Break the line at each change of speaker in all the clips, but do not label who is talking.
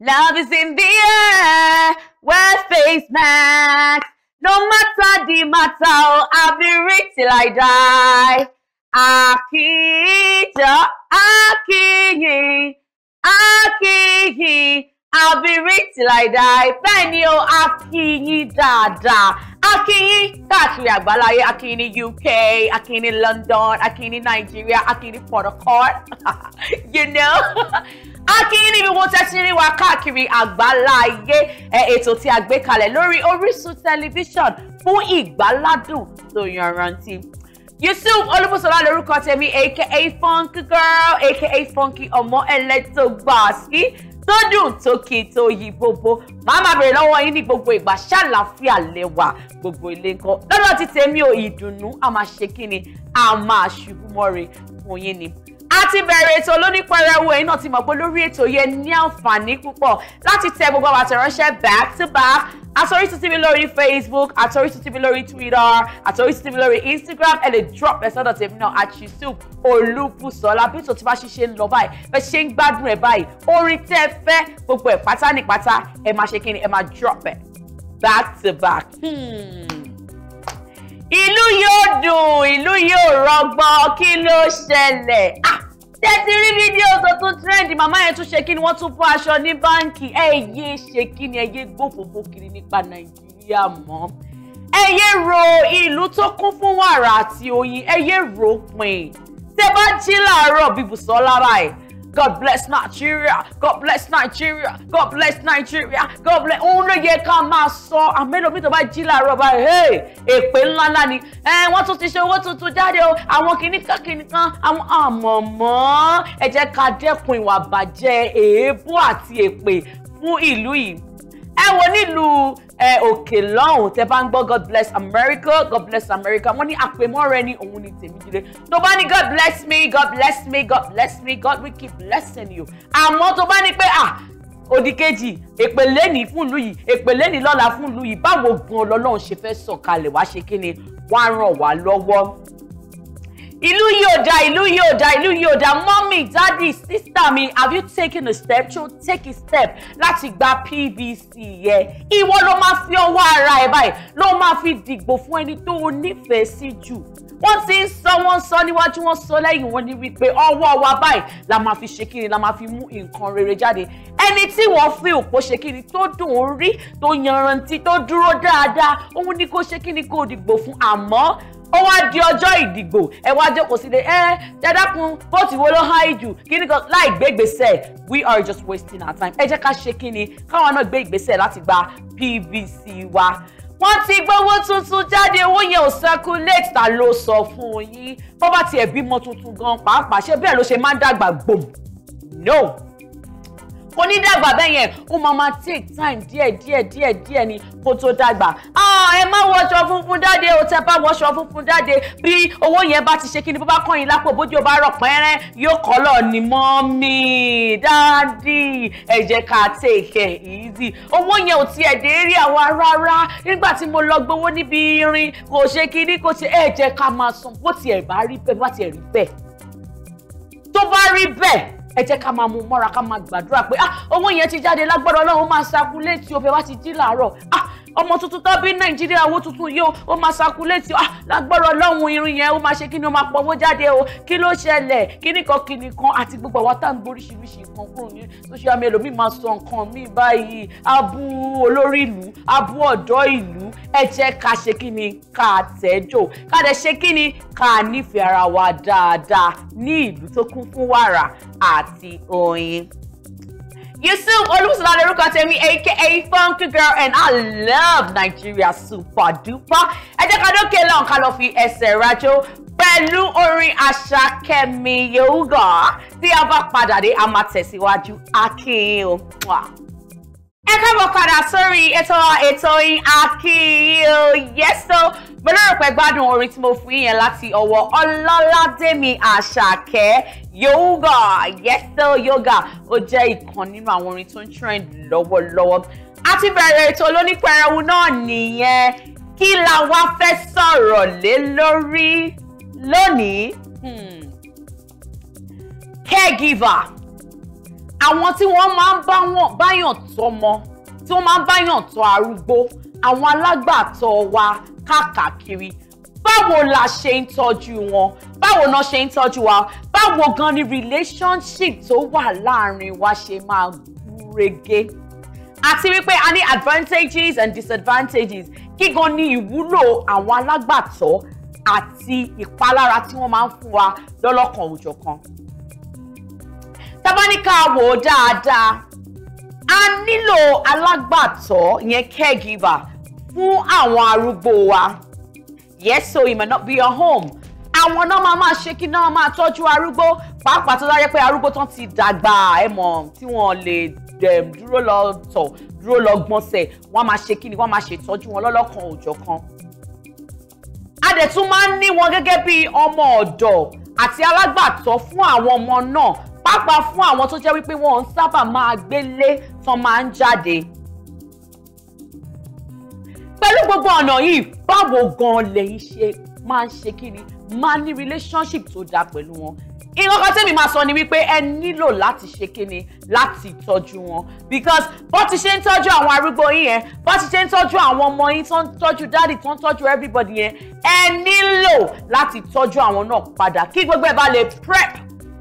Love is in the air, wear face masks. No matter the matter, oh, I'll be rich till I die. Akija, Akiyi, Akiyi, I'll be rich till I die. Bẹ́ẹ̀ ni o, Akiyi dáadáa. Akiyi káàkiri àgbáláyé, Akiyi ní UK, Akiyi ní London, Akiyi ní Nigeria, Akiyi ní Port Harcourt. you know? akínyìn níbi wọn tẹ́tí rí wa káàkiri àgbálá ayé ètò tí a gbé kalẹ̀ lórí Orísun tẹlifíṣọ̀n fún ìgbáládùn tó yanrantí. Yusuf Olúbùsọ̀lá lórúkọ tèmi aka funky girl aka funky ọmọ ẹlẹ́tọ̀gbàsí tó dùn tó kì tó yí gbogbo màá máa bèrè lọ́wọ́ yín ní gbogbo ìgbà ṣàlàáfíà lẹ́wà gbogbo ilé ńkọ́ lọ́dọ̀ ti tèmi ò ìdùnnú a máa ṣe fún yín ni a ti bẹ̀rẹ̀ ètò lónípẹrẹwu ẹ̀yin náà ti mọ̀ pé lórí ètò yẹn ní àǹfààní púpọ̀ láti tẹ gbogbo àwọn àtẹ̀ránṣẹ́ back to back àtOrísun TV lórí Facebook àtOrísun TV lórí Twitter àtOrísun TV lórí Instagram ẹ lè drop ẹ sọ́dọ̀ tèmi náà àtìsúb Olúbùsọ́lá bí tòtí bá ṣe ṣe ń lọ báyìí bẹ ṣe ń gbádùn ẹ báyìí orin tẹ fẹ́ gbogbo ẹ pátá ní pátá ẹ máa ṣe kí ni ẹ máa drop ẹ back to back. Hmm ìlú yóò dùn ìlú yóò rọgbọ kí ló ṣẹlẹ̀ ah tẹ́tí rí fídíòsì tó trend màmá yẹn tún ṣe kí ni wọ́n tún fọ́ aṣọ ní báǹkì ẹ yé ṣe kí ni ẹ yé gbófòfò kiri nípa nàìjíríà mọ́ ẹ yé ro ìlú tó kún fún wàrà àti oyin ẹ yé ro pin tẹ bá jí làárọ̀ bí Bùsọ́lá báyìí God bless Nigeria. God bless Nigeria. God bless Nigeria. God bless. Òun ló yẹ ká máa sọ àmẹ́lòmí tó bá jí làárọ̀ báyìí. Hey! Èpè ńlá ńlá ni. Ẹ wọ́n tún ti ṣe owó tuntun jáde o. Àwọn kìíní kan kìíní kan. Àwọn àmọ̀mọ́. Ẹ jẹ́ ká dẹ́kun ìwà bàjẹ́ èébú àti èpè fún ìlú yìí ẹ wo nílùú òkè lọ́hùn tẹ bá ń gbọ́ god bless america god bless america wọ́n ní àpèmọ́ra ẹni òun ni Tèmídire tó bá ní god bless me god bless me god bless me god we keep blessing you àmọ́ tó bá ní pé ah òdìkejì èpèlé ní fún ìlú yìí èpèlé ní lọ́la fún ìlú yìí báwo gan-an lọ́lọ́run ṣe fẹ́ sọ̀kalẹ̀ wá ṣe kí ni wọ́n á ràn wá lọ́wọ́ ìlú yìí ò da, ìlú yìí ò dáa ìlú yìí ò dáa mọ́mì dádì sísítà mi have you taken a step to take a step láti gba PVC yẹ ìwọ ló máa fi ọwọ́ ara ẹ̀ báyìí ló máa fi dìgbò fún ẹni tó o nífẹ̀ẹ́ sí jù wọ́n ti ń sọ wọ́n sọ níwájú wọ́n sọ lẹ́yìn wọn ni wípé ọwọ́ wa báyìí la máa fi ṣe ni la máa fi mú nǹkan rere jáde ẹni tí wọ́n fi òpó ṣe kíni tó dùn ún rí tó yanrantí tó dúró dáadáa òun ni kò ṣe ni kò dìgbò fún àmọ́ ó wá di ọjọ́ ìdìgbò ẹ wá jókòó sílé ẹ dáadákun bóòtù wo ló hàn jù kíní kan láì gbé ìgbésẹ̀ we are just wasting our time ẹ jẹ́ ká ṣe kíni káwọn náà gbé ìgbésẹ̀ láti gba PVC wa wọ́n ti gbówó tuntun jáde owó yẹn ò circulate ta ló sọ fún yín bó bá tiẹ̀ bímọ tuntun gan pàápàá ṣé bẹ́ẹ̀ ló ṣe máa ń dàgbà gbòm no
kò ní dàgbà bẹ́ẹ̀ yẹn
ó máa máa take time díẹ̀ díẹ̀ díẹ̀ díẹ̀ ni kó tó dàgbà ẹ má wọṣọ funfun jáde o tẹ bá wọṣọ funfun jáde bí owó yẹn bá ti ṣe kí ni bó bá kàn yín lápò bójú bá rọ̀ pẹ́rẹ́ yóò kọ́ lọ ní mọ́mí dáàdì ẹ jẹ́ ká take it easy owó yẹn ò tiẹ̀ dé rí àwa rárá nígbà tí mo lọ gbowó níbi irin kò ṣe kíní kò ṣe ẹ jẹ́ ká máa san bó tiẹ̀ bá rí bẹ́ẹ̀ bá tiẹ̀ rí bẹ́ẹ̀ tó bá rí bẹ́ẹ̀ ẹ jẹ́ ká máa mú mọ́ra ká máa gbàdúrà pé ah owó yẹn ti jáde lágbára Ọlọ́run máa ṣàkúlẹ̀ tí o fẹ́ wá ti dín láàárọ̀ ah ọmọ tuntun tó bí nàìjíríà owó tuntun yìí ó máa sakuléètì ah lágbọ́rọ̀ lọ́hùn irun yẹn ó máa ṣe kí ni ó máa pọ̀wó jáde o kí ló ṣẹlẹ̀ kí nìkan kí nìkan àti gbogbo àwọn tá à ń gbóríṣiríṣi nǹkan kúrò ní social media mi máa sọ nǹkan mi báyìí abú olórí ìlú abú ọ̀dọ́ ìlú ẹ jẹ́ ká ṣe kí ni ká tẹ́jọ́ ká dẹ̀ ṣe kí ni ká nífẹ̀ẹ́ ara wa dáadáa ní ìlú tó kún fún wàrà àti oyin. Yusuf Olúbùsọ̀lá lórúkọ tèmi aka Funky Girl and I love Nigeria super duper. Ẹ jẹ́ ká dókè lọ́n ká lọ fi ẹsẹ̀ rájò pẹ̀lú orin Àṣàkẹ́mi Yòówùgà tí a bá padà dé a máa tẹ̀síwájú akin o. Ẹ káàbọ̀ padà sórí ètò ètò yín akin o yẹ́sọ́ mo lérò pé gbádùn orin tí mo fún yẹn láti ọwọ́ Ọlọ́ládémi Àṣàkẹ́ yoga yes, yẹsẹ yoga ó jẹ́ ìkan nínú àwọn orin tó ń trend lọ́wọ́lọ́wọ́ àti bẹ̀rẹ̀ ètò lóní pẹrẹwu náà nìyẹn kí la wá fẹ́ sọ̀rọ̀ lé lórí lónìí hmm. caregiver àwọn tí wọ́n máa ń báyàn tọ́mọ tí wọ́n máa ń báyàn tọ́ arúgbó àwọn alágbàtọ́ wa káàkiri báwo la ṣe ń tọ́jú wọn báwo náà ṣe ń tọ́jú wa báwo gan ni relationship tó wà láàrin wa ṣe máa gúrégé àti wípé a ní advantages and disadvantages kígan ní ìwúlò àwọn alágbàtọ́ àti ìpalára tí wọ́n máa ń fún wa lọ́lọ́kan òjọ̀kan. tábánikà wò dáadáa a nílò alágbàtọ́ yẹn caregiver fún àwọn arúgbó wa yes so it may not be your home àwọn náà máa máa ṣe kí náà máa tọ́jú arúgbó pàápàá tó dájẹ́ pé arúgbó tán ti dàgbà ẹ mọ̀ tí wọ́n lè dúró lọ tọ̀ dúró lọ gbọ̀nsẹ̀ wọ́n máa ṣe kí ni wọ́n máa ṣètọ́jú wọn lọ́lọ́kan òjọ̀kan. a dẹ̀ tún máa ń ní wọn gẹ́gẹ́ bí ọmọ ọ̀dọ̀ àti alágbàtọ́ fún àwọn ọmọ náà pàápàá fún àwọn tó jẹ́ wípé wọ́n ń sábà máa gbélé tán máa ń jáde. pẹ̀lú gbogbo ọ̀nà yìí báwo gan-an lẹ́yìn ṣe máa ń ṣe kí ni máa ní relationship tó dáa pẹ̀lú wọn ìkọ̀kọ̀ mi máa sọ ni wípé ẹ nílò láti ṣe kíni láti tọ́jú wọn because bó ti ṣe ń tọ́jú àwọn arúgbó yín yẹn bó ti ṣe ń tọ́jú àwọn ọmọ yín tó ń tọ́jú dáàdì tó ń tọ́jú everybody yẹn ẹ nílò láti tọ́jú àwọn náà padà kí gbogbo ẹ bá lè prep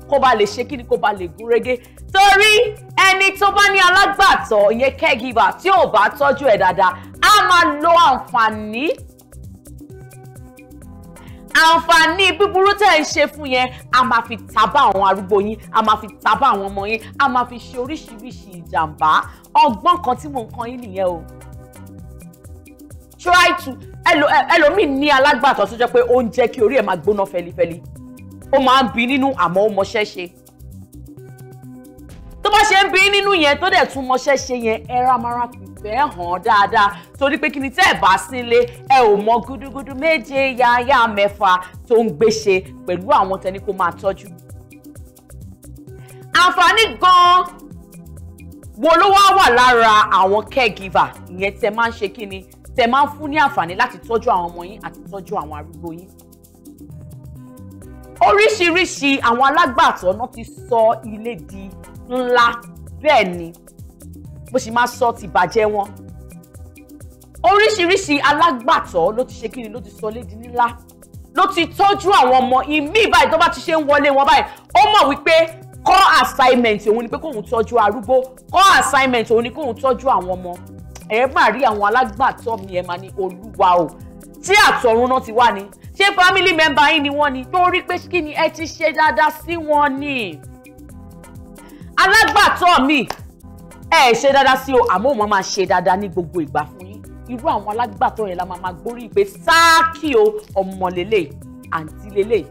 kó bá lè ṣe kíni kó bá lè gúnrégé torí ẹni tó bá ní alágbàtọ́ ìyẹn caregiver tí ò bá tọ́jú ẹ̀ dáadáa á máa lo àǹfààní àǹfààní búburú tẹ̀ ń ṣe fún yẹn a máa fi tábà àwọn arúgbó yín a máa fi tábà àwọn ọmọ yín a máa fi ṣe oríṣiríṣi ìjàmbá ọgbọ́n kan tí mò ń kan yín nìyẹn o try to ẹlòmíì ní alágbàtọ́ tó jẹ́ pé ó ń jẹ́ kí orí ẹ̀ máa gbóná fẹlifẹli ó máa ń bí nínú àmọ́ ó mọṣẹ́ ṣe tó bá ṣe ń bí nínú yẹn tó dẹ̀ tún mọṣẹ́ ṣe yẹn ẹ rámára pé ìfẹ́ hàn dáadáa torí pé kíni tẹ́ ẹ̀ bá sílé ẹ ò mọ gúdúgúdú méje yáyá mẹ́fà tó ń gbéṣe pẹ̀lú àwọn tẹni kó máa tọ́jú. àǹfààní gan-an wo ló wá wà lára àwọn caregiver ìyẹn tẹ máa ń ṣe kíni tẹ máa ń fún ní àǹfààní láti tọ́jú àwọn ọmọ yín àti tọ́jú àwọn arúgbó yín oríṣiríṣi àwọn alágbàtọ́ náà ti sọ ilé di ńlá bẹ́ẹ̀ ni mo sì máa sọ ti bàjẹ́ wọn oríṣiríṣi alágbàtọ́ ló ti ṣe kí ni ló ti sọ lédi nílá ló ti tọ́jú àwọn ọmọ ìmí báyìí tó bá ti ṣe ń wọlé wọn báyìí ó mọ̀ wípé kọ́ assignment òun ni pé kóun tọ́jú arúgbó kọ́ assignment òun ni kóun tọ́jú àwọn ọmọ ẹ máa rí àwọn alágbàtọ́ mi ẹ máa ní olúwa o tí àtọ̀run náà ti wá ni ṣé family member yín ni wọ́n ni torí pé kí ni ẹ ti ṣe dáadáa sí wọn ni alágbàtọ́ mi
ẹ ṣe dáadáa sí
o àmọ́ òun máa ṣe dáadáa ní gbogbo ìgbà fún yín irú àwọn alágbàtọ́ yẹn la máa máa gbórí pé sáàkì o ọmọ lélẹ̀ àǹtí lélẹ̀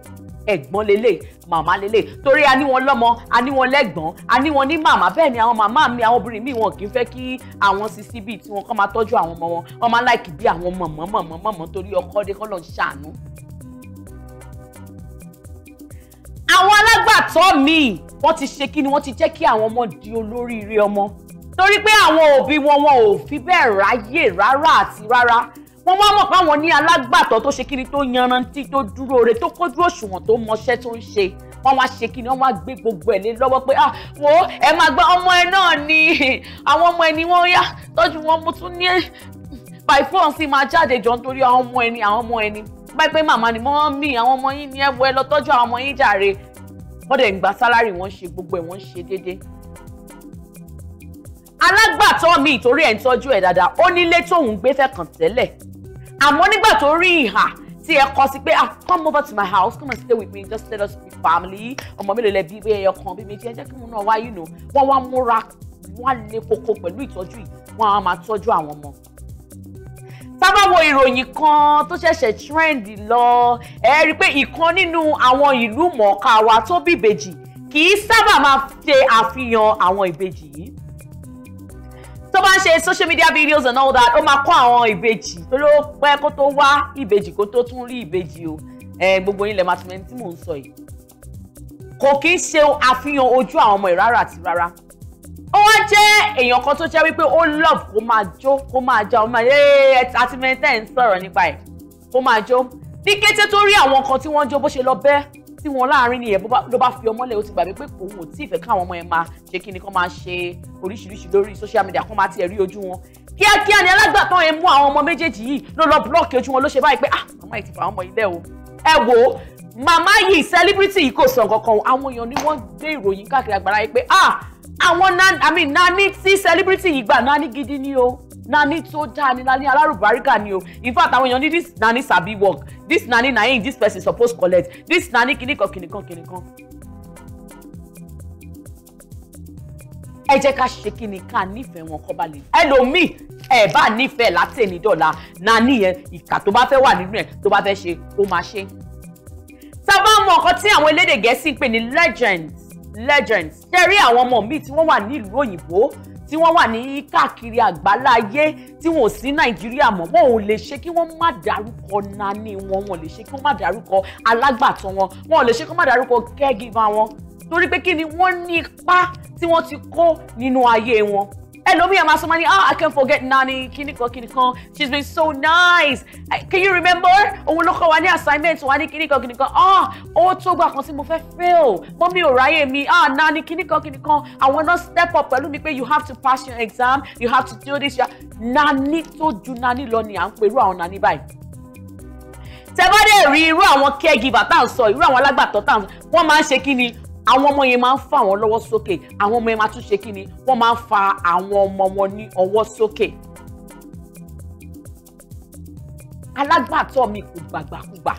ẹ̀gbọ́n lélẹ̀ màmá lélẹ̀ torí a ní wọn lọ́mọ a ní wọn lẹ́gbọ́n a ní wọn ní màmá bẹ́ẹ̀ ni àwọn màmá mi àwọn obìnrin mi wọn kì í fẹ́ kí àwọn sisi bíi tí wọn kọ́ máa tọ́jú àwọn ọmọ wọn wọn máa láìkì bí àwọn mọ̀mọ́ mọ̀mọ́ mọ̀mọ́ torí ọkọ dé kọ́ lọ ṣàánú. àwọn alágbàtọ́ mi wọ́n ti ṣe kí ni wọ́n ti jẹ́ kí àwọn ọmọ di olóríire ọmọ torí pé àwọn òbí wọn wọn ò fi bẹ́ẹ̀ ráyè rárá àti rárá wọ́n wá mọ̀ fáwọn ní alágbàtọ́ tó ṣe kíni tó yanrantí tó dúró re tó kójú òṣùwọ̀n tó mọṣẹ́ tó ń ṣe wọ́n wá ṣe kíni wọ́n wá gbé gbogbo ẹ̀ lé lọ́wọ́ pé ah wo ẹ máa gba ọmọ ẹ náà ni àwọn ọmọ ẹ ni wọ́n yá tọ́jú wọn mo tún ní by phone sì máa jáde jọ nítorí àwọn ọmọ ẹni àwọn ọmọ ẹni báyìí pé màmá ni wọ́n mí àwọn ọmọ yín ni ẹ wọ ẹ lọ tọ́jú àwọn ọmọ yín jàre wọ́n dẹ̀ ń gba sálárì wọ́n ṣe gbogbo ẹ̀ wọ́n ṣe déédéé alágbàtọ́ mi ìtorí ẹ̀ ń tọ́jú ẹ̀ dáadáa ó nílé tóun gbé fẹ́ kàn tẹ́lẹ̀ àmọ́ nígbà tó rí ìhà tí ẹ kọ sí pé ah come over to my house come and stay with me just let us be family ọmọ mélòó lẹ bí bí ẹyọ kan bí méjì ẹ jẹ́ kí mo náà wá yìí nù wọ́n wá múra wọ́n lé koko pẹ̀lú ìtọ́jú yìí wọ́n á máa tọ́jú àwọn ọmọ. sábà wo ìròyìn kan tó ṣẹ̀ṣẹ̀ trend lọ ẹ rí i pé ìkan nínú àwọn ìlú mọ̀ọ́ká wa tó bí ìbejì kì í sábà máa ṣe àfihàn àwọn ìbejì yìí tó bá ń ṣe social media videos and all that ó máa kọ́ àwọn ìbejì torí ó pẹ́ kó tó wá ìbejì kó tó tún rí ìbejì o gbogbo yín lè máa tún ẹni tí mò ń sọ yìí kò kí ń ṣe àfihàn ojú àwọn ọmọ ìrárá àti rárá ó wá jẹ́ èèyàn kan tó jẹ́ wípé ó love kó máa jó kó máa já ó máa ẹ àti mẹ́tẹ́ ń sọ̀rọ̀ nípa ẹ̀ kó máa jó ní kété tó rí àwọn kan tí wọ́n jó bó ṣe lọ bẹ́ẹ̀ sí wọn láàrin ni yẹn ló bá fi ọmọ lẹ̀ ó ti gbàgbé pé òun ò tí ì fẹ́ káwọn ọmọ yẹn máa ṣe kí ni kán máa ṣe oríṣiríṣi lórí social media kán máa tiẹ̀ rí ojú wọn kíákíá ni alágbàtọ́ yẹn mú àwọn ọmọ méjèèjì yìí ló lọ búlọ́ọ̀kì ojú wọn ló ṣe báyìí pé ah màmá yìí ti fà ọmọ ilé o ẹ wò ó màmá yìí celebrity yìí kò sọ nǹkan kan àwọn èèyàn ni wọ́n gbé ìròyìn káàkiri àgbàrá yìí pé ah àwọn nani i nani tí celebrity yìí gbà nani gidi ni o nani tó dáa ni nani alárùbáríkà ni o in fact àwọn èèyàn ní this nani sabi work this nani na him this person suppose collect this nani kìnìkan kìnìkan kìnìkan. ẹ jẹ́ ká ṣe kí ni ká nífẹ̀ẹ́ wọn kọ́ bá lè ẹlòmíì ẹ bá nífẹ̀ẹ́ látẹ̀ní dọ̀la nani yẹn ìkà tó bá fẹ́ wà nínú ẹ̀ tó bá fẹ́ ṣe ó máa ṣe. tá mọ ọkọ tí àwọn elédè gẹ̀ẹ́sì ń pè ní legends legends ṣe rí àwọn ọmọ míì tí wọ́n wà nílùú òyìnbó tí wọ́n wà ní káàkiri àgbáláyé tí wọn ò sí nàìjíríà mọ́ wọn ò lè ṣe kí wọ́n má dárúkọ nání wọn wọn ò lè ṣe kí wọ́n má dárúkọ alágbàtọ́ wọn wọn ò lè ṣe kí wọ́n má dárúkọ caregiver wọn torí pé kí ni wọ́n ní ipá tí wọ́n ti kó nínú ayé wọn ẹlòmíì ẹ máa sọ ma ah i can't forget nani kìnìkan kìnìkan she's been so nice eh, can you remember òun ló kọ́ wa ní assignment wa ní kìnìkan kìnìkan ah ó tó gbà kan tí mo fẹ́ fail mọ́ mi ò ráyè mi ah nani kìnìkan kìnìkan àwọn náà step up pẹ̀lú mi pé you have to pass your exam you have to do this nani tó ju nani lọ ni à ń perú àwọn nani báyìí tẹ bá dẹ̀ rí irú àwọn caregiver tá à ń sọ irú àwọn alágbàtọ́ tá à ń sọ wọ́n máa ń ṣe kí ni àwọn ọmọ yẹn máa ń fa àwọn lọ́wọ́ sókè àwọn ọmọ yẹn máa tún ṣe kí ni wọ́n máa ń fa àwọn ọmọ wọn ní ọwọ́ sókè. alágbàtọ́ mi kò gbàgbàkúgbà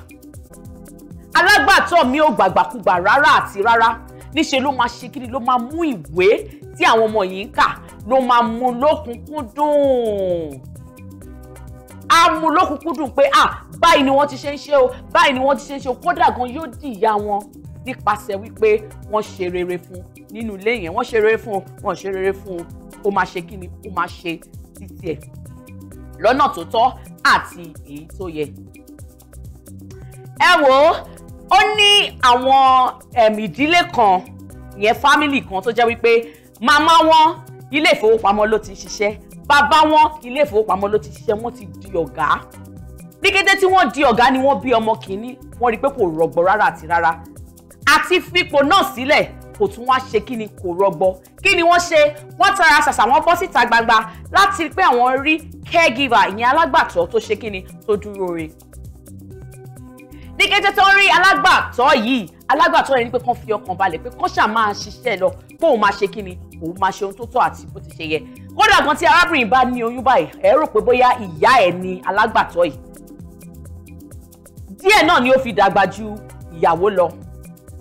alágbàtọ́ mi ò gbàgbàkúgbà rárá àti rárá níṣe ló máa ṣe kí ni ló máa mú ìwé tí àwọn ọmọ yìí ń kà ló máa mú lókùnkúndùn á mú lókùnkúndùn pé à báyìí ni wọ́n ti ṣe ń ṣe o báyìí ni wọ́n ti ṣe ń ṣe o kódà gan yóò dìyà wọn nípasẹ̀ wípé wọ́n ṣe rere fún nínú ilé yẹn wọ́n ṣe rere fún wọ́n ṣe rere fún ó máa ṣe kí ni ó máa ṣe títí ẹ̀ lọ́nà tó tọ́ àti èyí tó yẹ. ẹ wo ó ní àwọn ìdílé kan ìyẹn fámìlì kan tó jẹ́ wípé màmá wọn ilé ìfowópamọ́ ló ti ṣiṣẹ́ bàbá wọn ilé ìfowópamọ́ ló ti ṣiṣẹ́ wọ́n ti di ọ̀gá ní kété tí wọ́n di ọ̀gá ni wọ́n bí ọmọ kìíní wọ́n rí i pé kò rọgbọ rárá àti rárá àti fipò náà sílẹ̀ kò tún wá ṣe kí ni kò rọgbọ kí ni wọ́n ṣe wọ́n tara ṣàṣà wọ́n bọ́ síta gbangba láti pé àwọn rí caregiver ìyẹn alágbàtọ́ tó ṣe kí ni tó dúró re ní kété tó ń rí alágbàtọ́ yìí alágbàtọ́ yẹn ni pé kán fi ọkàn balẹ̀ pé kán ṣáà máa ṣiṣẹ́ lọ kó o máa ṣe kí ni òun máa ṣe ohun tó tọ́ àti bó ti ṣe yẹ kódà gan tí arábìnrin bá ní oyún báyìí ẹ rò pé bóyá ìyá ẹ ni alágbàtọ́ yìí díẹ̀ náà ni ó fi dàgbà ju ìyàwó lọ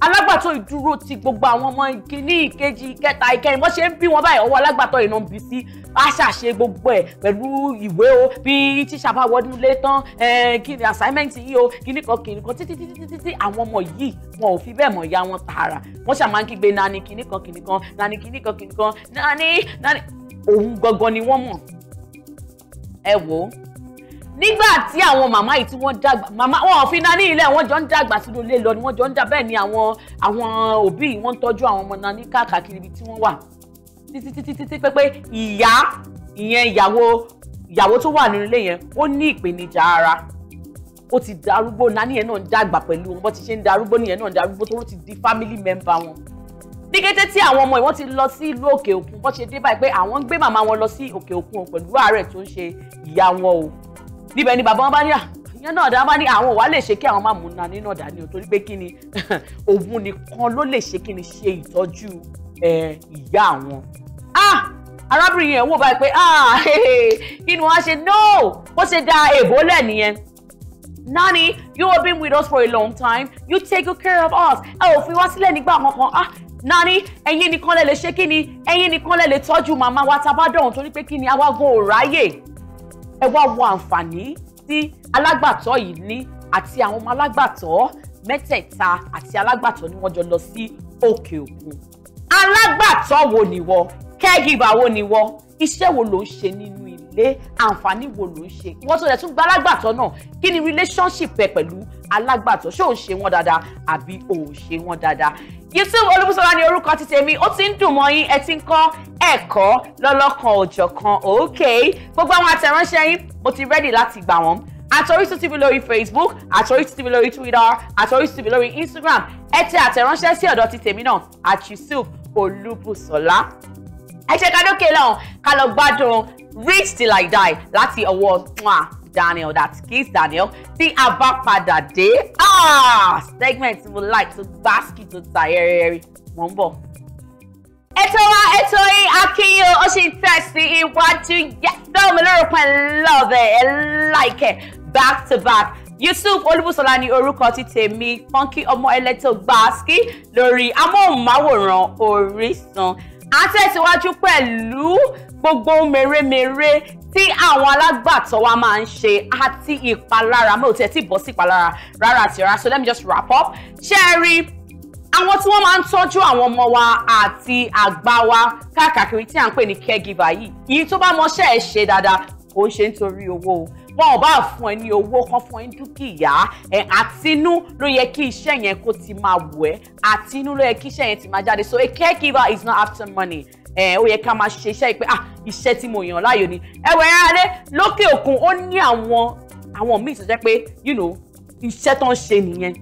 alágbàtọ́ ìdúró ti gbogbo àwọn ọmọ ìkíní ìkejì ìkẹta ìkẹrin wọ́n ṣe ń bí wọn báyìí ọwọ́ alágbàtọ́ ìran bí sí aṣàṣe gbogbo ẹ̀ pẹ̀lú ìwé o bí tíṣà bá wọnú lé tán kí ni assignment yìí o kí ni kan kí ni kan títí títí títí àwọn ọmọ yìí wọn ò fi bẹ́ẹ̀ mọ̀ ya wọn tààrà wọ́n ṣàmà ń kígbe nani kí ni kan kí ni kan nani kí ni kan kí ni kan nani nani òun gangan ni wọ́n mọ̀ ẹ wò ó nígbà tí àwọn màmá yìí tí wọ́n dàgbà màmá wọn ò fi nání ilé wọ́n jọ ń dàgbà sínú ilé lọ ni wọ́n jọ ń dà bẹ́ẹ̀ ni àwọn àwọn òbí wọ́n ń tọ́jú àwọn ọmọ nání káàkiri ibi tí wọ́n wà títí títí títí pépé ìyá ìyẹn ìyàwó ìyàwó tó wà nínú ilé yẹn ó ní ìpèníjà ara ó ti darúgbó nání yẹn náà ń dàgbà pẹ̀lú wọn bó ti ṣe ń darúgbó nìyẹn náà ń darúgbó tó ti di family member wọn ní kété tí àwọn ọmọ ìwọ́n ti lọ sí ìlú òkè òkun bó ṣe dé báyìí pé àwọn ń gbé màmá wọn lọ sí òkè òkun pẹ̀lú àárẹ̀ tó ń ṣe ìyá wọn o níbẹ̀ ni bàbá wọn bá ní à ah, ìyẹn náà dá bá ní àwọn ò lè ṣe kí àwọn máa mú nani náà dání o torí pé kí ni òun nìkan ló lè ṣe kí ni ṣe ìtọ́jú ìyá àwọn. Ah! arábìnrin yẹn wò báyìí pé ah, kí ni wọ́n ṣe no bó ṣe da èbó lẹ̀ nìyẹn. Nani, you have been with us for a long time. You take good care of us. Ẹ ò fi wá sílẹ̀ nígbà kankan. Ah, Nani, ẹ̀yin nìkan lẹ lè ṣe kí ni? Ẹ̀yin nìkan lẹ lè tọ́jú màmá wa tá a bá dọ̀hún torí pé kí ni àwa gan ò ráyè ẹ wá wo àǹfààní tí alágbàtọ́ yìí ní àti àwọn ọmọ alágbàtọ́ mẹ́tẹ̀ẹ̀ta àti alágbàtọ́ ni wọ́n jọ lọ sí òkè òkun alágbàtọ́ wo ni wọ́ caregiver wo ni wọ́ iṣẹ́ wo ló ń ṣe nínú tẹ̀lé àǹfààní wo ló ń ṣe wọ́n tó lẹ̀ tún gba alágbàtọ́ náà kí ni relationship ẹ pẹ̀lú alágbàtọ́ ṣé ò ń ṣe wọ́n dáadáa àbí ò ń ṣe wọ́n dáadáa Yusuf Olúbùsọ́lá ni orúkọ ti tèmi ó ti ń dùn mọ́ yín ẹ ti ń kọ́ ẹ̀kọ́ lọ́lọ́kan òjọ̀kan òkè gbogbo àwọn àtẹ̀ránṣẹ́ yín mo ti rẹ́dì láti gbà wọ́n àtọ́rísí tv lórí facebook àtọ́rísí tv lórí twitter àtọ́rísí tv lórí instagram ẹ tẹ àtẹ̀ránṣẹ́ sí ọ̀dọ̀ ti tèmi náà at Yusuf Olúbùsọ́lá ẹ ṣe kádókè lọ́hùn ká lọ gbádùn reach till I die láti ọwọ́ Daniel that Kiss Daniel tí a bá padà dé ah, segment mo like to gbásùkì tó ta yẹ́rẹ́yẹ́rẹ́ mò ń bọ̀. ètò wa ètò yìí akínyìn ó sì tẹ̀sí iwájú yàtọ̀ mi lórí pẹ̀ love ẹ̀ láìkẹ̀ back to back yusuf olúbùsọlá ni orúkọ ti tèmi funky ọmọ ẹlẹ́tọ̀ gbàásì lórí amóhùnmáwòrán Orísun a tẹ̀síwájú pẹ̀lú gbogbo mèremère tí àwọn alágbàtọ́ wa máa ń ṣe àti ìpalára mi ò tiẹ̀ tí bọ́ sí ìpalára rárá àti rárá so let me just wrap up ṣé ẹ rí àwọn tí wọ́n máa ń tọ́jú àwọn ọmọ wa àti àgbà wa káàkiri tí à ń pè ní caregiver yìí yìí tó bá mọṣẹ́ ẹ̀ ṣe dáadáa kò ń ṣe nítorí owó o wọn ò bá fún ẹ ní owó kan fún ẹ ní dúkìá ẹ àtinú ló yẹ kí iṣẹ́ yẹn kó ti máa wù ẹ́ àtinú ló yẹ kí iṣẹ́ yẹn ti máa jáde so a caregiver is not after money ẹ ó yẹ ká máa ṣe iṣẹ́ ìpè ah iṣẹ́ tí mo yàn láàyò ni ẹwẹ̀ ẹ̀ adé lókè òkun ó ní àwọn àwọn míì tó jẹ́ pé you know iṣẹ́ tó ń ṣe nìyẹn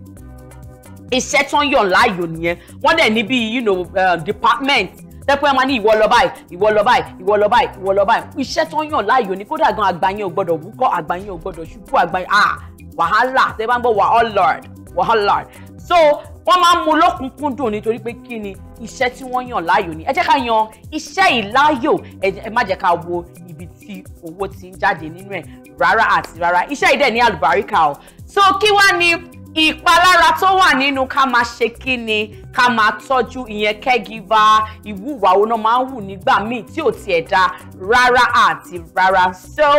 iṣẹ́ tó ń yàn láàyò nìyẹn wọ́n dẹ̀ níbi you know uh, department tẹ́pẹ́ máa ní ìwọ lọ báyìí ìwọ lọ báyìí ìwọ lọ báyìí ìwọ lọ báyìí iṣẹ́ tó ń yàn láàyò ni kódà gan àgbà yẹn ò gbọ́dọ̀ wúkọ́ àgbà yẹn ò gbọ́dọ̀ ṣubú àgbà yẹn ah wàhálà tẹ́ bá ń bọ̀ wàhálà wàhálà so wọ́n máa ń mu lọ́kùnkúndùn nítorí pé kí ni iṣẹ́ tí wọ́n yàn láàyò ni ẹ jẹ́ ká yan iṣẹ́ yìí láàyò ẹ má jẹ́ ká wo ibi tí owó ti ń jáde nínú ẹ̀ rárá àti rárá iṣẹ́ yìí ní àlùbáríkà o so kí wá ni ìpalára tó wà nínú ká máa ṣe kí ni ká máa tọ́jú ìyẹn kẹ́gíba ìwúwà òun náà máa ń wù nígbà míì tí ò tiẹ̀ da rárá àti rárá so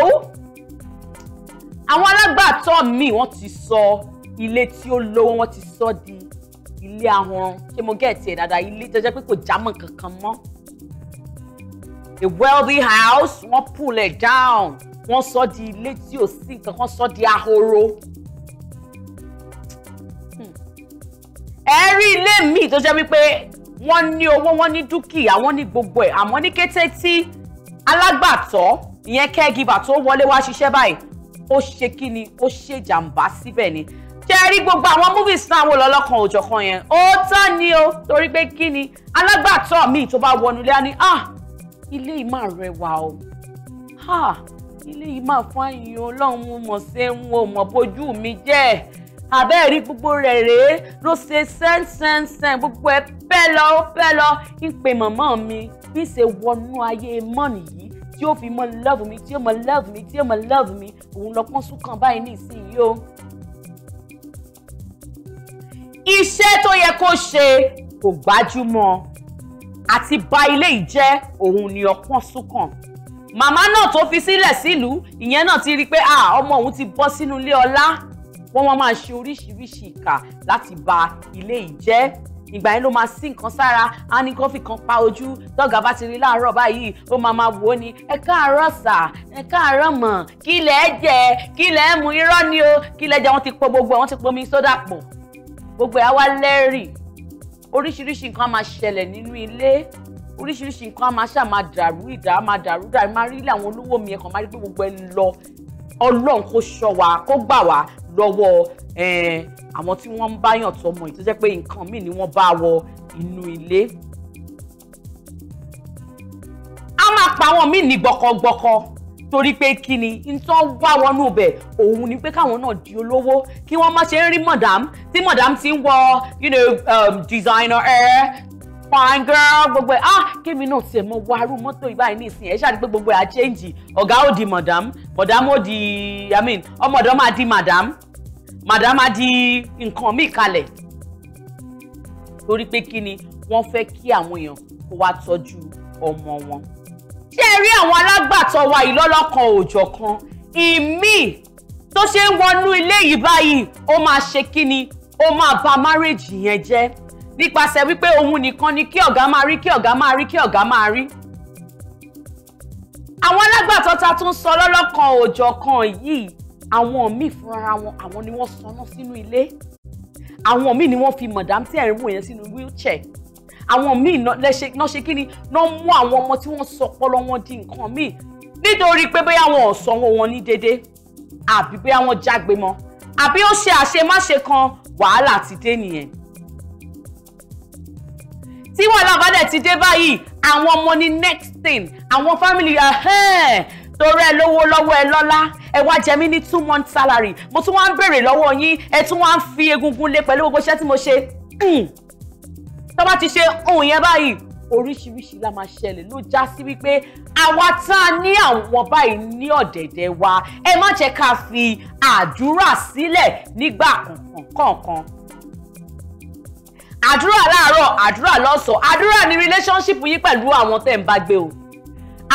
àwọn alágbàtọ́ míì wọ́n ti sọ ilé tí ó lówó wọ́n ti sọ di ilé ahọ́n ṣé mo gẹ̀ẹ́tì ẹ̀ dáadáa ilé tó pé kò jámọ́ kankan mọ́ a wealthy house wọ́n pull it down wọ́n sọ di ilé tí ò sí nǹkan kan sọ di ahoro. ẹ rí ilé míì tó jẹ́ wípé wọ́n ní owó wọ́n ní dúkìá wọ́n ní gbogbo ẹ̀ àmọ́ ní kété tí alágbàtọ́ ìyẹn caregiver tó wọlé wá ṣiṣẹ́ báyìí ó ṣe kí ni ó ṣe jàǹbá síbẹ̀ ni ṣe rí gbogbo àwọn movies náà wò lọ́lọ́kan òjọ̀kan yẹn ó tán ni o torí pé kí ni alágbàtọ́ míì tó bá wọnú ilé á ní ah ilé yìí máa rẹwà o ah ilé yìí máa fún àyìn ọlọ́run mo mọ̀ ṣe ń wo mọ̀ bójú mi jẹ́ ẹ̀ àbẹ́ẹ̀rí gbogbo rẹ̀ rèé ló ṣe sẹ́ńsẹ́ńsẹ́ń gbogbo ẹ̀ pẹ́ lọ ó pẹ́ lọ ń pe màmá mi bí ṣe wọnú ayé mọ́ nìyí tí ó fi mọ love mi tí ó mọ love mi tí ó mọ love mi òun lọ pọ́n súnkàn báyìí ní ìsinyìí o. iṣẹ́ tó yẹ kó ṣe kò gbájúmọ́ àti ba ilé ìjẹ́ òun ni ọpọ́n súnkàn màmá náà tó fi sílẹ̀ sílùú ìyẹn náà ti rí i pé ọmọ òun ti bọ́ sínú ilé ọlá wọ́n wọ́n máa ṣe oríṣiríṣi ìkà láti ba ilé yìí jẹ́ ìgbà yẹn ló máa sí nǹkan sára á ní kó fi kan pa ojú tọ́gà bá ti rí láàárọ̀ báyìí ó máa máa wò ó ní ẹ káàárọ̀ sà ẹ káàárọ̀ mọ̀ kí lẹ̀ ẹ́ jẹ kí lẹ̀ ẹ́ mu irọ́ ni o kí lẹ̀ ẹ́ jẹ wọ́n ti po gbogbo wọ́n ti pomi sódà pọ̀ gbogbo ẹ̀ á wá lẹ́rìí oríṣiríṣi nǹkan á máa ṣẹlẹ̀ nínú ilé oríṣiríṣi nǹkan á máa ṣáà dàrú ìdá á máa dàrú dàrú máa rí ilé àwọn olówó mi ẹ̀kan máa rí pé gbogbo ẹ̀ lọ ọlọ́run kó ṣọ́ wa kó gbà wá lọ́wọ́ àwọn tí wọ́n ń báyàn tọmọ yìí tó jẹ́ pé nǹkan míì ni wọ́n bá wọ inú ilé. a máa pa àwọn míì ní gbọkọgbọkọ torí pé kí ni nǹkan wá wọnú ibẹ̀ òun ni pé káwọn náà di olówó kí wọ́n má ṣe ń rí mọ̀dám tí mọ̀dám ti ń wọ you know, um, designer hair fine girl gbogbo ẹ̀ ah kémi náà tiẹ̀ mọ wọ arú mọ́tò ìbáyìí ní ìsìn ẹ̀ ṣáà ní pé gbogbo ẹ̀ á change ọ̀gá ó di madam madam ó di i mean ọmọ ọ̀dọ́ máa di madam madam á di nǹkan míì kalẹ̀ torí pé kí ni wọ́n fẹ́ kí àwọn èèyàn kó wá tọ́jú ọmọ wọn. ṣé ẹ rí àwọn alágbàtọ́ wa yìí lọ́lọ́kan òòjọ̀ kan ìmíì tó ṣe ń wọnú ilé yìí báyìí ó máa ṣe kí ni ó máa bà márèèjì yẹn jẹ́ nípasẹ̀ wípé òun nìkan ni kí ọ̀gá máa rí kí ọ̀gá máa rí kí ọ̀gá máa rí. àwọn alágbàtọ́ ta tún sọ lọ́lọ́kan òjọ̀kan yìí àwọn míì fúnra wọn àwọn ni wọ́n sọná sínú ilé àwọn míì ni wọ́n fi mọ̀dám tí ẹ̀rín wò yẹn sínú wheelchair àwọn míì náà ṣe kí ni náà mú àwọn ọmọ tí wọ́n sọ pọ́lọ́ wọn di nǹkan míì nítorí pé bóyá wọn ò sanwó wọn ní déédéé àbí bóyá wọn jágbe mọ́ àbí ó ṣe àṣemáṣe kan wàhálà ti dé nìyẹn tí wàhálà bá dẹ̀ ti dé báyìí àwọn ọmọ ni next thing àwọn family torí ẹ lówó lọ́wọ́ ẹ lọ́lá ẹ wá jẹ mí ní two month salary mo tún wá ń béèrè lọ́wọ́ yín ẹ tún wá ń fi egungun lé pẹ̀lú gbogbo iṣẹ́ tí mo ṣe hmm. tó bá ti ṣe ohun yẹn báyìí oríṣiríṣi la máa ṣẹlẹ̀ ló já sí wípé àwa tá a ní àwọn báyìí ní ọ̀dẹ̀dẹ̀ wa ẹ má jẹ́ ká fi àdúrà sílẹ̀ nígbà kankan
àdúrà láàárọ̀ àdúrà lọ́sàn-án àdúrà ní relationship
yín pẹ̀lú àwọn tẹ́ ń bá gbé o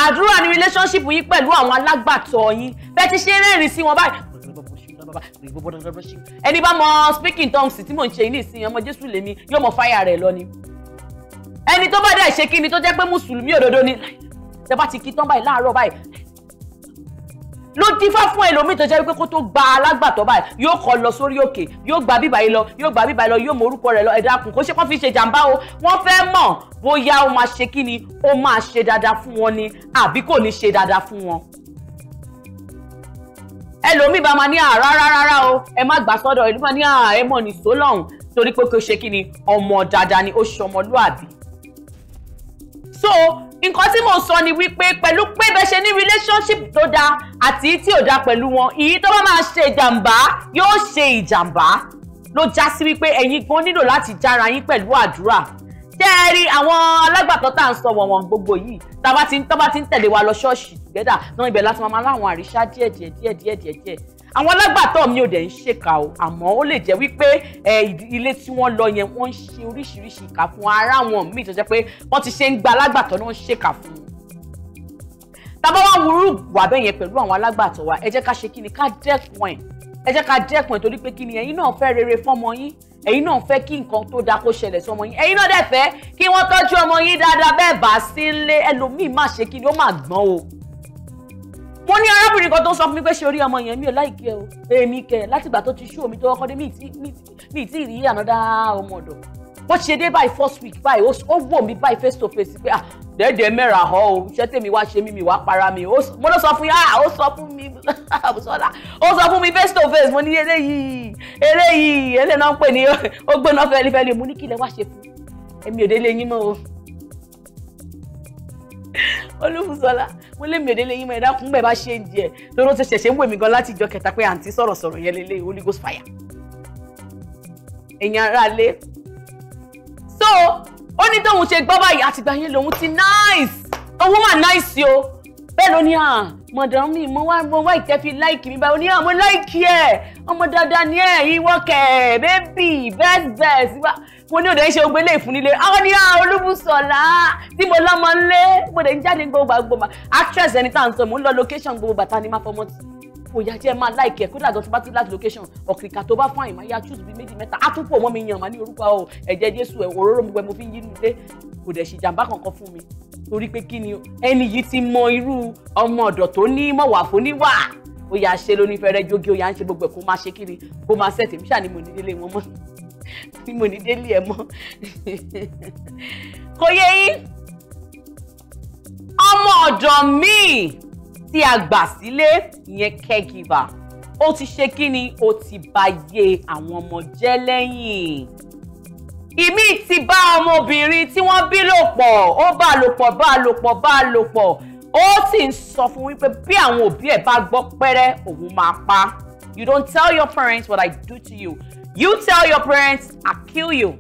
àdúrà ní relationship yín pẹ̀lú àwọn alágbàtọ́ yín bẹ́ẹ̀ ti ṣe rẹ́rìn sí wọn báyìí ẹni bá mọ speaking tongues tí mò ń ṣe ilé ìsìn ọmọ jésù lèmi yóò mọ fáyà rẹ lọ ni ẹni tó bá dẹ̀ ṣe kí ni tó jẹ́ pé mùsùlùmí òdodo ni tẹ bá ti kí tán báyìí láàárọ̀ báyìí ló dífá fún ẹlòmíì tó jẹ́ wípé kó tó gba alágbàtọ́ báyìí yóò kọ́ lọ sórí òkè yóò gba bíbá yìí lọ yóò gba bíbá yìí lọ yóò mọ orúkọ rẹ̀ lọ ẹ dákun kó ṣe kó fi ṣe jàǹbá o wọ́n fẹ́ mọ̀ bóyá ó máa ṣe kí ni ó máa ṣe dáadáa fún wọn ni àbí kò ní ṣe dáadáa fún wọn. ẹlòmíì bá máa ní àrá rárá o ẹ má gbà sọ́dọ̀ ẹ má ní àrá ẹ mọ̀ ní sólọ́hùn torí pé kò ṣe kí ni ọmọ dáadáa ni ó ṣe ọmọlúàbí. so nǹkan tí mò ń sọ ni wípé pẹ̀lú pé bẹ́ẹ̀ ṣe ní relationship tó dáa àti tí ò dáa pẹ̀lú wọn èyí tó bá máa ṣe ìjàmbá yóò ṣe ìjàmbá ló já sí wípé ẹ̀yin gan nílò láti jára yín pẹ̀lú àdúrà tẹ́ ẹ rí àwọn alágbàtọ́ tá à ń sọ wọ̀wọ̀n gbogbo yìí tá bá ti ń tẹ̀lé wa lọ ṣọ́ọ̀ṣì together náà ibẹ̀ láti máa máa láwọn àríṣà díẹ̀ díẹ̀ díẹ̀ àwọn alágbàtọ́ mi ò dẹ̀ ń ṣèkà o àmọ́ ó lè jẹ́ wípé ilé tí wọ́n lọ yẹn wọ́n ń ṣe oríṣiríṣi ìkà fún ara wọn míì tó jẹ́ pé wọ́n ti ṣe ń gba alágbàtọ́ náà ń ṣèkà fún un tábà wá wúrú wà bẹ́ẹ̀ yẹn pẹ̀lú àwọn alágbàtọ́ wa ẹ jẹ́ ká ṣe kí ni ká dẹ́kun ẹ̀ ẹ jẹ́ ká dẹ́kun ẹ̀ torí pé kí ni ẹ̀yin náà fẹ́ rere fọ́mọ yín ẹ̀yin náà fẹ́ kí nǹkan tó dáa kó ṣẹlẹ̀ sọmọ yín ẹ̀yin náà dẹ̀ fẹ́ kí wọ́n tọ́jú ọmọ yín dáadáa bẹ́ẹ̀ bá sí ilé ẹlòmíì má ṣe kí ni ó má gbọ́n o mo ní arábìnrin kan tó sọ fún mi pé ṣe orí ọmọ yẹn mi ò láìkí ẹ o èmi kẹ látìgbà tó ti ṣú omi tó kọ́kọ́ dé mi ì tí ì rí ànádá ọmọ ọ̀dọ̀ bó ṣe dé báyìí first week báyìí ó wò mí báyìí face to face pé ah dẹ́ẹ̀dẹ́ mẹ́ra họ o iṣẹ́ tèmi wá ṣe mí mi wá para mi mo ló sọ fún yá ah, ó sọ fún mi àbùsọ́lá ó sọ fún mi face to face mo ní eléyìí eléyìí eléyìí náà ń pè ní ó gbóná fẹ́lifẹ́li mo ní kí lẹ wá ṣe fún èmi ò délé yín mọ́ o olúfúsọlá mo lé mi òde lẹ́yìn dákun bẹ́ẹ̀ bá ṣe ń jẹ lóró ti ṣẹ̀ṣẹ̀ ń wò mí gan láti ìjọ kẹta pé àǹtí sọ̀rọ̀sọ̀rọ̀ yẹn lélẹ holy ghost fire ẹ̀yin aráalé so ó ní tóun ṣe gbọ́ báyìí àtìgbà yẹn lòun ti nice owó mà nice o bẹ́ẹ̀ ló ní à mọ̀dàn mi mo wá mo wá ìtẹ́fi láìkì mi báwo ní à mo láìkì ẹ̀ ọmọ dandan ni ẹ̀ ìwọ kẹ̀ bébì best best wa mo ní òde ń ṣe ogun ilé ìfúnnilé àwọn ní à Olúbùsọ̀lá tí mo lọ́mọ nlé mo dẹ̀ ń jáde gbogbo àgbọ̀mà actress ẹni tá à ń sọ mo ń lọ location gbogbo bàtà ni má fọmọ tì kò yá tí ẹ máa láìkì ẹ kódà tó bá tún láti location ọ̀kìrìkà tó bá fún àyìnbá yá choose bíi méjì mẹ́ta á tún pò mọ́ mi yan màá ní orúkọ ẹ̀jẹ̀ Jésù ẹ̀ òróró mi wẹ́ mo fi ń yínú ilé kò dẹ̀ ṣì jàǹbá kankan fún mi torí pé kí ni ẹni yìí ti mọ irú ọmọ ọ̀dọ̀ tó ní mọ̀wá fún níwà ó yà ṣe lóní fẹ́rẹ́ jókè ó yà ń ṣe gbogbo ẹ̀ kó máa ṣe kí ni kó máa ṣẹ̀tì mí ṣàní mo ní délé wọn mọ́ ni mo ní délé ẹ mọ́ kò yẹ yín ọmọ ọ̀dọ̀ míì tí a sílé ìyẹn caregiver ó ti ṣe kí ni ó ti bá yé àwọn ọmọ jẹ́ lẹ́yìn ìmí ti bá ọmọbìnrin tí wọ́n bí lò ó bá lò bá lò bá lò ó sì ń sọ fún wípé bí àwọn òbí ẹ̀ bá gbọ́ pẹ́rẹ́ òun máa pa you don't tell your parents what I do to you you tell your parents I kill you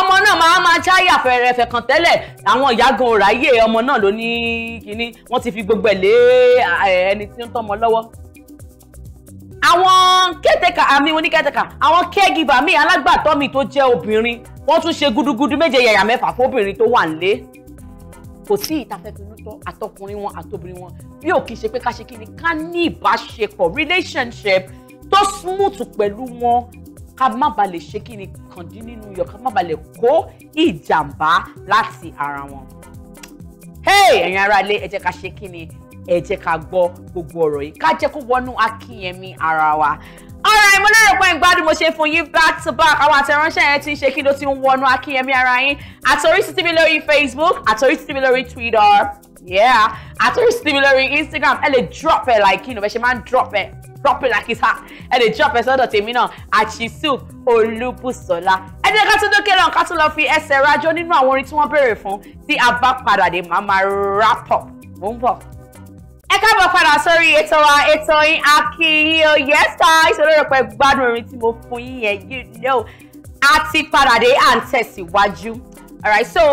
ọmọ náà máa máa jáyà fẹrẹfẹ kan tẹ́lẹ̀ àwọn ìyágun ọ̀ráyè ọmọ náà ló ní kínní wọ́n ti fi gbogbo ẹ̀ lé ẹni tí ń tọ́mọ lọ́wọ́ àwọn kẹtẹkà àmì oníkẹtẹkà àwọn caregiver mi alágbàtọ́ mi tó jẹ́ obìnrin wọ́n tún ṣe gudugudu méje yàyà mẹ́fà fóbìnrin tó wà nílé kò sí ìtafẹ́fẹ́nútọ́ àtọkùnrin wọn àtobìnrin wọn bí ò kì í ṣe pé ká ṣe kí ni ká ní ìbáṣepọ̀ relationship tó smooth pẹ̀lú wọn ká má ba lè ṣe kí ni kàndín nínú yọ ká má ba lè kó ìjàmbá láti ara wọn. hey ẹ̀yin aráalé ẹ jẹ́ ká ṣe kí ni ẹ jẹ́ ká gbọ́ gbogbo ọ̀rọ̀ yìí ká jẹ́ kó wọnú akínyẹmí ara wa ọ̀rọ̀ right, ìmọ̀ lérò pé ìgbádùn mo ṣe fún yín back to back àwọn àtẹ̀ránṣẹ́ yẹn ti ń ṣe kí ló ti ń wọnú akínyẹmí ara yín àti Orísun TV lórí Facebook àti Orísun TV lórí Twitter yeah àti Orísun TV lórí Instagram ẹ lè drop ẹ like you know bẹ́ẹ̀ ṣe máa ń drop ẹ drop it like it's hot ẹ lè drop ẹ sọ́dọ̀ tèmi náà àṣìṣù Olúbùsọ́lá ẹ jẹ́ ká tún dókè lọ́n ká tún lọ fi ẹsẹ̀ rájọ́ nínú àwọn orin tí wọ́n béèrè fún tí a bá padà dé màá máa wrap up mo ń bọ̀ káàbọ̀ padà sórí ètò wa ètò yín AkiiYin o yes guys olórí ọ̀pẹ gbádùn orin tí mo fún yín yẹn you know a ti padà dé à ń tẹ̀síwájú alright so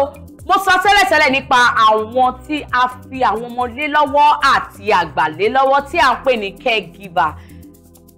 mo sọ tẹ́lẹ̀tẹ́lẹ̀ nípa àwọn tí a fi àwọn ọmọdé lọ́wọ́ àti àgbà lé lọ́wọ́ tí à ń pè ní caregiver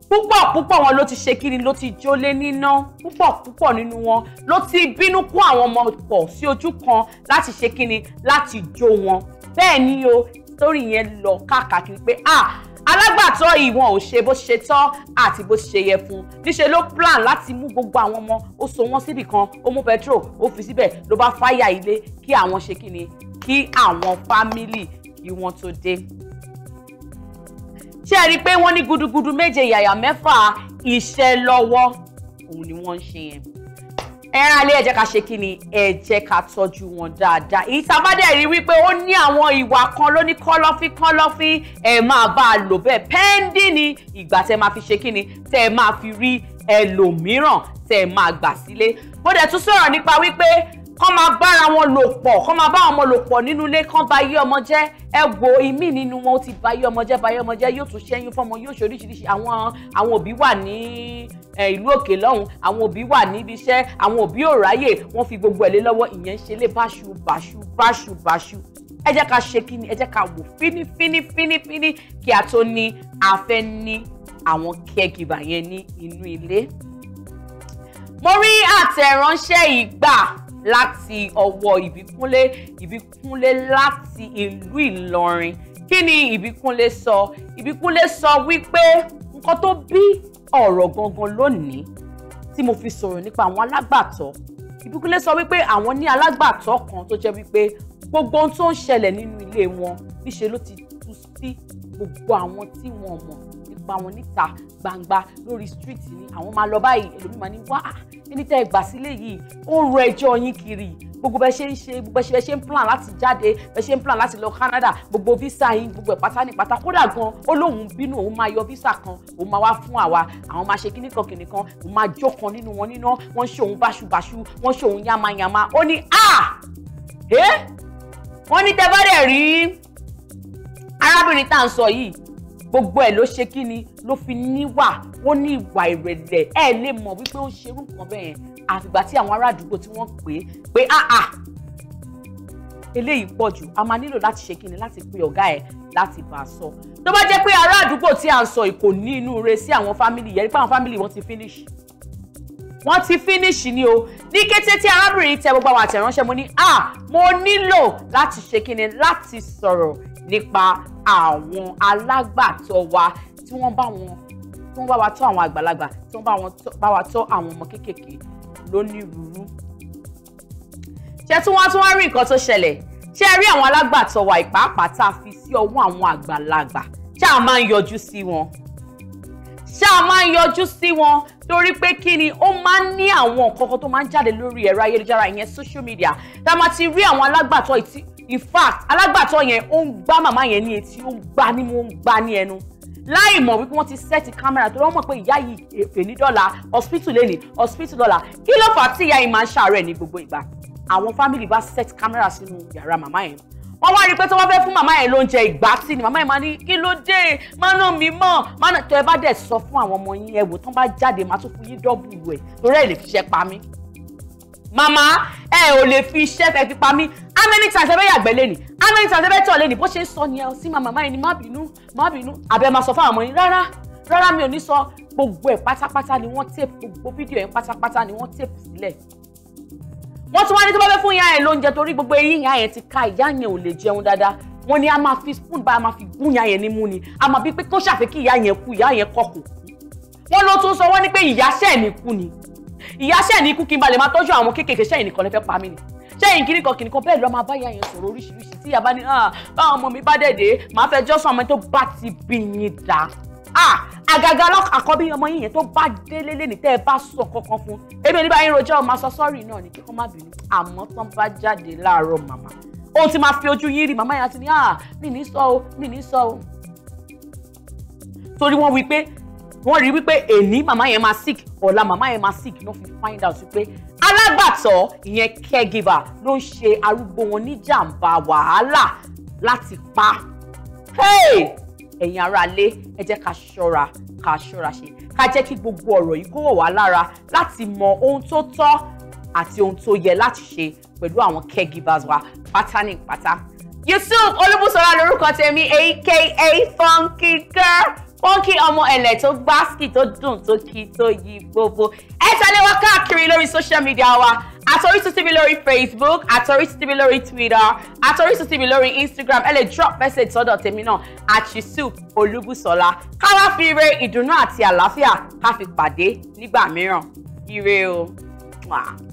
púpọ̀ púpọ̀ wọn ló ti ṣe kíni ló ti jólé níná púpọ̀ púpọ̀ nínú wọn ló ti bínú kó àwọn ọmọ pọ̀ sí ojú kan láti ṣe kíni láti jó wọn bẹ́ẹ̀ ni o story yẹn lọ káàkiri pé ah alágbàtọ́ ìwọ̀n ò ṣe bó ṣe tọ́ àti bó ṣe yẹ fún un níṣẹ́ ló plan láti mú gbogbo àwọn ọmọ ó so wọ́n síbì kan ó mú petrol ó fi síbẹ̀ ló bá fáyà ilé kí àwọn ṣe kí ni kí àwọn fámìlì kí wọ́n tó dé. ṣé ẹ rí i pé wọ́n ní gudugudu méje yàyà mẹ́fà iṣẹ́ lọ́wọ́ òun ni wọ́n ń ṣe yẹn ẹran alẹ́ ẹ jẹ́ ká ṣe kí ni ẹ jẹ́ ká tọ́jú wọn dáadáa èyí tá a bá dẹ̀ rí wípé ó ní àwọn ìwà kan ló ní kọ́lọ́fín kọ́lọ́fín ẹ máa bá a lò bẹ́ẹ̀ pẹ́ndì ni ìgbà tẹ máa fi ṣe kí ni tẹ máa fi rí ẹlòmíràn tẹ máa gbà sílé bó dẹ̀ tún sọ̀rọ̀ nípa wípé kọ́ máa bára wọn lò pọ̀ kọ́ máa bá ọmọ lò pọ̀ nínú ilé kán ba yé ọmọ jẹ́ ẹ wo ìmí nínú wọn ó ti ba yé ọmọ jẹ́ ba yé ọmọ jẹ́ yóò tún ṣẹ́yún fọ́mọ yóò ṣe oríṣiríṣi àwọn àwọn òbí wà ní ìlú òkè lọ́hùn àwọn òbí wà níbi iṣẹ́ àwọn òbí ò ráyè wọ́n fi gbogbo ẹ̀ lé lọ́wọ́ ìyẹn ń ṣe lé báṣu báṣu báṣu báṣu ẹ jẹ́ ká ṣe kíni ẹ jẹ́ ká wò fínífínífínífíní a tó ní a fẹ́ ní àwọn caregiver yẹn ní mo rí àtẹ̀ránṣẹ́ ìgbà láti ọwọ́ ìbíkúnlé ìbíkúnlé láti ìlú ìlọrin kí ni ìbíkúnlé sọ ìbíkúnlé sọ wípé nǹkan tó bí ọ̀rọ̀ gangan lónìí tí mo fi sọ̀rọ̀ nípa àwọn alágbàtọ́ ìbíkúnlé sọ wípé àwọn ní alágbàtọ́ kan tó jẹ́ wípé gbogbo ohun tó ń ṣẹlẹ̀ nínú ilé wọn níṣe ló ti tú sí gbogbo àwọn tí wọ́n mọ̀ bá wọn níta gbangba lórí street ni àwọn máa lọ báyìí ẹlòmíì máa ní wá ẹni tẹ́ ẹ gbà sílé yìí ó rọ ẹjọ́ yín kiri gbogbo bẹ ṣe ń ṣe gbogbo bẹ ṣe ń plan láti jáde bẹ ṣe ń plan láti lọ Canada gbogbo visa yín gbogbo ẹ̀ pátá ní pátá kódà gan olóhùn bínú òun máa yọ visa kan òun máa wá fún àwa àwọn máa ṣe kíníkan kíníkan òun máa jó kan nínú wọn níná wọ́n ṣe òun báṣubàṣu wọ́n ṣe òun yamayama ó ní a ẹ wọ́n ní tẹ́ bá dẹ̀ rí arábìnrin tá à ń sọ yìí gbogbo ẹ̀ ló ṣe kí ni ló fi níwà ó ní ìwà ìrẹ̀lẹ̀ ẹ̀ lè mọ̀ wípé ó ń ṣerú nǹkan bẹ́ẹ̀ yẹn àfìgbà tí àwọn ará àdúgbò tí wọ́n pè é pé áà eléyìí pọ̀ jù a máa nílò láti ṣe kí ni láti pe ọ̀gá ẹ̀ láti bá a sọ tó bá jẹ́ pé ará àdúgbò tí à ń sọ ìkò ní inú re sí àwọn fámìlì yẹn pé àwọn fámìlì wọn ti finish wọ́n ti finish ni o ní kété tí arábìnrin tẹ gbogbo àwọn àtẹ̀ránṣẹ́ mo ní à mo nílò láti ṣe kí ni láti sọ̀rọ̀ nípa àwọn alágbàtọ́ wa tí wọ́n bá wọn tí wọ́n bá wa tọ́ àwọn àgbàlagbà tí wọ́n bá wa tọ́ àwọn ọmọ kéékèèké lónírúurú. ṣé tí wọ́n tún wá rí nǹkan tó ṣẹlẹ̀ ṣé ẹ rí àwọn alágbàtọ́ wa ìpàápàá tá a fi sí ọwọ́ àwọn àgbàlagbà ṣé a máa ń yọjú sí wọn ṣé a máa ń yọjú sí wọn torí pé kí ni ó máa ń ní àwọn nǹkan kan tó máa ń jáde lórí ẹ̀rọ ayélujára ìyẹn social media tá a máa ti rí àwọn alágbàtọ́ ìtí in fact alágbàtọ́ yẹn ó ń gbá màmá yẹn ní etí ó ń gbá nímú ó ń gbá ní ẹnu láì mọ̀ wípé wọ́n ti sẹ́ẹ̀tì kámẹ́rà tó lọ́mọ̀ pé ìyá yìí èfè ní dọ́là hospital lẹ́nì hospital dọ́là kí ló fà á tí ìyá yìí máa ń ṣàárẹ̀ ní gbogbo ìgbà àwọn fámìlì bá sẹ́ẹ̀tì kámẹ́rà sínú yàrá màmá yẹn wọ́n wá rí i pé tí wọ́n fẹ́ fún màmá yẹn lóúnjẹ ìgbà tí ni màmá yẹn máa ní kí ló dé má nà mí mọ̀ má nà tó ẹ bá dẹ̀ sọ fún àwọn ọmọ yín ẹ wò tán bá jáde má tún fún yín dọ́bù ẹ̀ torí ẹ̀ lè fi iṣẹ́ pa mí màmá ẹ ò lè fi iṣẹ́ fẹ́ fi pa mí how many times ẹ bẹ yàgbẹ́ lé ní how many times ẹ bẹ tọ̀ lé ní bó ṣe ń sọ ni ẹ sí màmá máa ẹni má bínú má bínú àbẹ máa sọ fáwọn ọmọ yín rárá rárá mi ò ní sọ gbogbo ẹ pátápátá ni wọ́n tape gbogbo fídíò yẹn pátápátá ni wọ́n tape sílẹ̀ wọ́n tún wá ní tó bá fẹ́ fún ìyá yẹn lóúnjẹ torí gbogbo eyín ìyá yẹn ti ká ìyá yẹn ò lè jẹun dáadáa wọ́n ní a máa fi spoon báyìí a máa fi gún ìyá yẹn nímú ni a máa bí pé kó ṣàfikí ìyá yẹn kú ìyá yẹn kọkù wọ́n ló tún sọ wọ́n ní pé ìyá ṣẹ́ẹ̀ ní kú ni ìyá ṣẹ́ẹ̀ ní kú kí n balẹ̀ máa tọ́jú àwọn kéékèèké ṣẹ́ẹ̀ nìkan lè fẹ́ pa mí ni lẹ́yìn kíní kan kíní kan bẹ́ẹ̀ lọ́ọ́ máa bá ìyá yẹn sọ̀rọ̀ oríṣiríṣi tí ìyá bá ní ah, báwọn ọmọ mi bá dẹ̀dẹ̀ máa fẹ́ jọ́sùn ọmọ tó bá ti bí yín dá ah, àgàgà àkọ́bí ọmọ yín yẹn tó bá délé lẹ́ni tẹ́ ẹ bá sọ kankan fún ebi ní báyìí rojọ́ máa sọ sọ́ọ̀rì náà ní kíkọ́ má bínú àmọ́ tán bá jáde láàárọ̀ màmá ó ti máa fi ojú yín rí màmá yẹn àti ní ah, mi ní sọ o mi ní sọ o alágbàtọ́ ìyẹn caregiver ló ń ṣe arúgbó wọn níjàǹbá wàhálà láti pa ẹ̀yin aráalé ẹ jẹ́ ká ṣọ́ra ká ṣọ́ra ṣe ká jẹ́ kí gbogbo ọ̀rọ̀ yìí kó wọ̀ wá lára láti mọ ohun tó tọ́ àti ohun tó yẹ láti ṣe pẹ̀lú àwọn caregivers wa pátá ní pátá. Yusuf Olúbùsọ̀lá lórúkọ tèmi aka Funky Girl pọ́ńkì ọmọ ẹ̀lẹ̀ tó gbásìkì tó dùn tó kí tó yí gbogbo ẹ tẹ̀lé wa káàkiri lórí social media wa àtOrísun TV lórí Facebook àtOrísun TV lórí Twitter àtOrísun TV lórí Instagram ẹ lè drop message sọ́dọ̀ tèmi náà àtisù Olúbùsọ̀lá ká wá fi ire ìdùnnú àti àlàáfíà ká fi pàdé nígbà mìíràn ire o. Mwah.